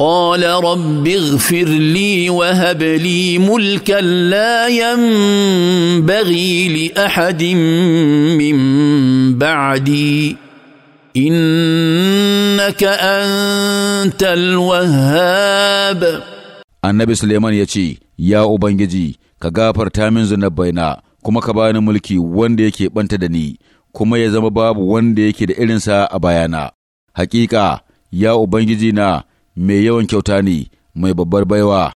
قال رب اغفر لي وهب لي ملكا لا ينبغي لاحد من بعدي انك انت الوهاب annabi suleiman ya ce ya ubangiji ka gafarta min zunubaina kuma ka bani mulki wanda yake ɓanta da ni kuma ya zama babu wanda yake da irinsa a bayana Haƙiƙa, ya ubangiji na mai yawan kyauta ne mai babbar baiwa